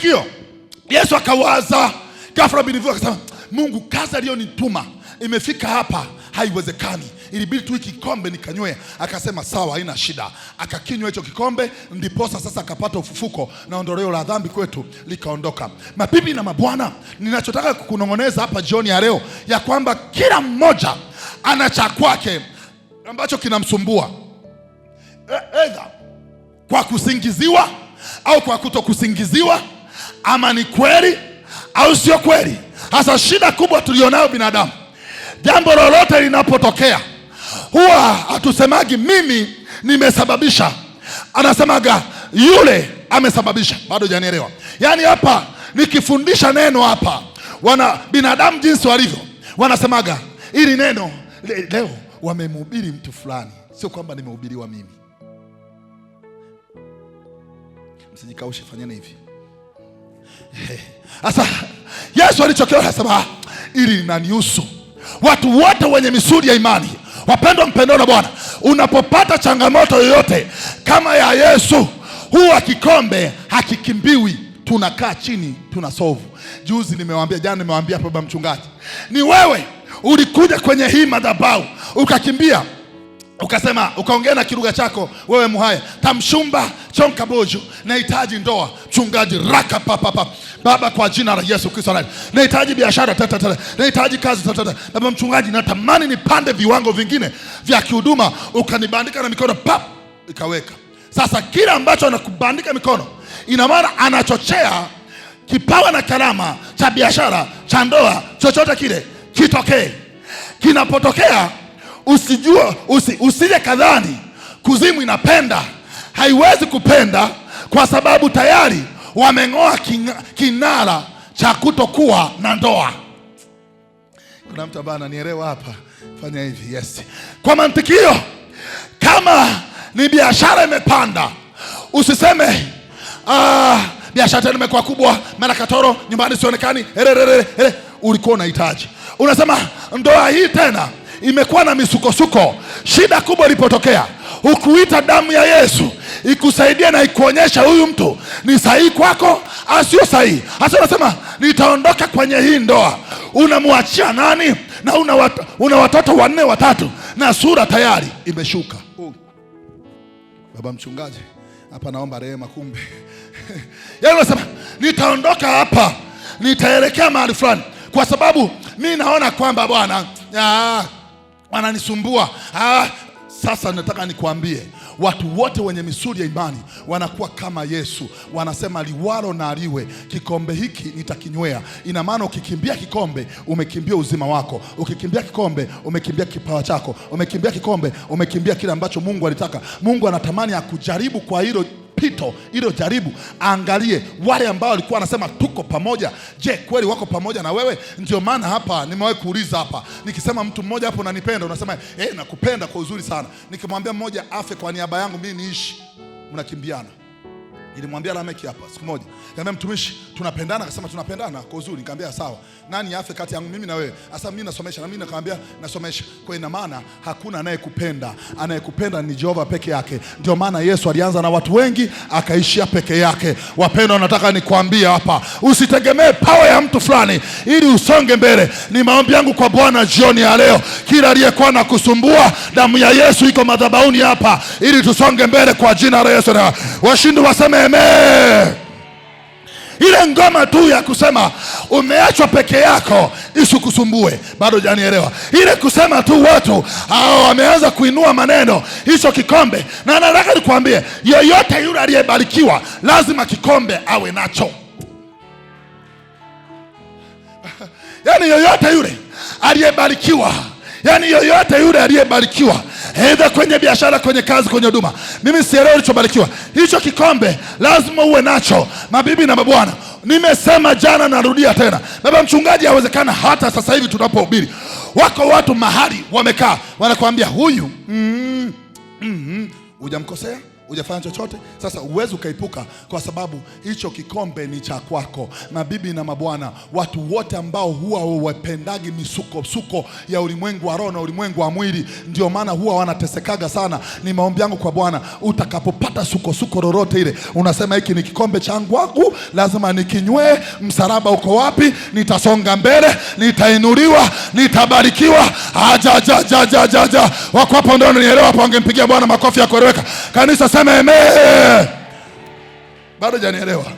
mafanikio. Yesu akawaza ghafla, bilivua akasema, Mungu, kazi aliyonituma imefika hapa, haiwezekani ilibidi tu kikombe nikanywe. Akasema sawa, haina shida. Akakinywa hicho kikombe, ndiposa sasa akapata ufufuko na ondoleo la dhambi kwetu likaondoka. Mabibi na mabwana, ninachotaka kukunong'oneza hapa jioni ya leo ya kwamba kila mmoja ana cha kwake ambacho kinamsumbua, edha kwa kusingiziwa au kwa kutokusingiziwa ama ni kweli au sio kweli. Hasa shida kubwa tulionayo binadamu, jambo lolote linapotokea huwa hatusemagi mimi nimesababisha, anasemaga yule amesababisha. Bado janielewa Yaani hapa nikifundisha neno hapa, wana binadamu jinsi walivyo, wanasemaga ili neno le, leo wamemhubiri mtu fulani, sio kwamba nimehubiriwa mimi. Msijikaushe, fanyeni hivi sasa Yesu alichokiona anasema ili linanihusu. Watu wote wenye misuri ya imani, wapendwa, mpendo na Bwana, unapopata changamoto yoyote kama ya Yesu, huwa kikombe hakikimbiwi, tunakaa chini, tunasovu Juzi nimewambia jana nimewaambia baba mchungaji, ni wewe ulikuja kwenye hii madhabahu ukakimbia ukasema ukaongea na kiruga chako wewe Muhaya, Tamshumba chonka bojo, nahitaji ndoa, mchungaji raka papapa. Baba, kwa jina la Yesu Kristo, nahitaji biashara tatatata, nahitaji kazi tatatata. Baba mchungaji, natamani nipande viwango vingine vya kihuduma, ukanibandika na mikono pap, ikaweka sasa. Kile ambacho anakubandika mikono, ina maana anachochea kipawa na karama cha biashara cha ndoa, chochote kile kitokee. Kinapotokea usi, usije kadhani kuzimu inapenda haiwezi kupenda kwa sababu tayari wameng'oa kinara cha kutokuwa na ndoa. Kuna mtu ambaye ananielewa hapa? Fanya hivi, yes. Kwa mantiki hiyo, kama ni biashara imepanda, usiseme ah, biashara tena imekuwa kubwa, mara katoro nyumbani sionekani, ulikuwa unahitaji. Unasema ndoa hii tena imekuwa na misukosuko. Shida kubwa ilipotokea ukuita damu ya Yesu ikusaidia na ikuonyesha huyu mtu ni sahihi kwako asio sahihi. Hasa unasema nitaondoka kwenye hii ndoa, unamwachia nani? Na una, wat, una watoto wanne watatu na sura tayari imeshuka. baba mchungaji hapa naomba rehema, kumbe yani unasema nitaondoka hapa, nitaelekea mahali fulani kwa sababu mi naona kwamba bwana wananisumbua ah, ah, sasa nataka nikuambie, watu wote wenye misuli ya imani wanakuwa kama Yesu. Wanasema liwalo na liwe, kikombe hiki nitakinywea. Ina maana ukikimbia kikombe umekimbia uzima wako, ukikimbia kikombe umekimbia kipawa chako, umekimbia kikombe umekimbia kile ambacho Mungu alitaka. Mungu anatamani akujaribu kwa hilo mpito, ilo jaribu. Angalie wale ambao walikuwa wanasema tuko pamoja, je, kweli wako pamoja na wewe? Ndio maana hapa nimewahi kuuliza hapa nikisema mtu mmoja hapo, unanipenda, unasema eh, nakupenda kwa uzuri sana, nikimwambia mmoja afe kwa niaba yangu mimi niishi, mnakimbiana Nilimwambia Lameki hapa siku moja, nikamwambia mtumishi, tunapendana. Akasema tunapendana kwa uzuri. Nikamwambia sawa, nani afe kati yangu mimi na wewe? Asa mimi nasomesha na mimi nikamwambia nasomesha. Kwa ina maana hakuna anayekupenda, anayekupenda ni Jehova peke yake. Ndio maana Yesu alianza na watu wengi akaishia peke yake. Wapendwa, nataka nikwambie hapa, usitegemee pawa ya mtu fulani ili usonge mbele. Ni maombi yangu kwa Bwana jioni ya leo, kila aliyekuwa na kusumbua, damu ya Yesu iko madhabahuni hapa ili tusonge mbele kwa jina la Yesu. Washindi waseme usamehe. Ile ngoma tu ya kusema umeachwa peke yako isikusumbue, bado janielewa. Ile kusema tu watu hao wameanza kuinua maneno hicho kikombe, na nataka nikuambie, yoyote yule aliyebarikiwa lazima kikombe awe nacho. Yani yoyote yule aliyebarikiwa, yani yoyote yule aliyebarikiwa aidha kwenye biashara, kwenye kazi, kwenye huduma. Mimi sielewi ulichobarikiwa. Hicho kikombe lazima uwe nacho, mabibi na mabwana. Nimesema jana, narudia tena, baba mchungaji, hawezekana hata sasa hivi tunapohubiri, wako watu mahali wamekaa, wanakuambia huyu mm, mm, mm hujamkosea hujafanya chochote. Sasa huwezi ukaepuka, kwa sababu hicho kikombe ni cha kwako. Mabibi na mabwana, watu wote ambao huwa wapendagi misukosuko ya ulimwengu wa roho na ulimwengu wa mwili, ndio maana huwa wanatesekaga sana. Ni maombi yangu kwa Bwana, utakapopata sukosuko lolote ile, unasema hiki ni kikombe changu wangu, lazima nikinywee. Msalaba uko wapi? Nitasonga mbele, nitainuliwa, nitabarikiwa. Ajajajajajaja wako hapo, ndio nielewa hapo, wangempigia Bwana makofi ya kueleweka kanisa. Bado janielewa?